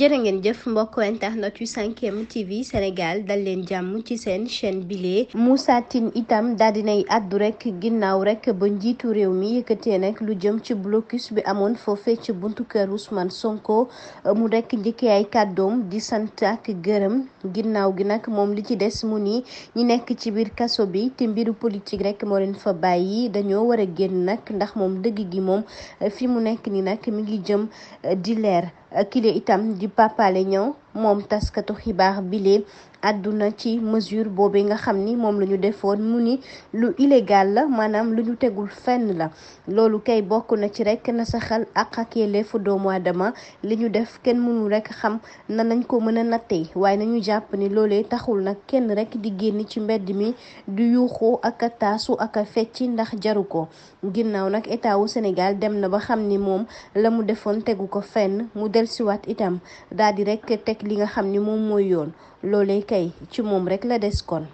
jërë ngeen jëf mbokk internet yu 5M TV Sénégal dal leen jàmm ci seen chaîne bile Moussa Tine itam daal dinay àddu rek ginnaaw rek ba njiitu réew mi yëkkatee nag lu jëm ci blocus bi amoon foofee ci buntu kër Ousmane Sonko mu rek njëkkee ay kàddoom di sant ak gërëm ginnaaw gi nag moom li ci des mu ni ñi nekk ci biir kaso bi te mbiru politique rek moo leen fa bàyyi dañoo war a génn nag ndax moom dëgg gi moom fi mu nekk ni nag mi ngi jëm di leer kile itam di Pape Alé moom taskatu xibaar bile àdduna ci mesure boobu nga xam ni moom la ñu defoon mu ni lu illégal la maanaam lu ñu tegul fenn la loolu kay bokk na ci rek na saxal ak ak yelleefu doomu aadama li ñu def kenn mënu rek xam na nañ ko mën a nattee waaye nañu jàpp ni loolee taxul nag kenn rek di génn ci mbedd mi du yuuxoo ak a ak fecci ndax jaru ko ginnaaw nag état wu Sénégal dem na ba xam ni moom la mu defoon tegu ko fenn mu siwaat itam daal di teg li nga xam ni moom mooy yoon loolee kay ci moom rek la des kon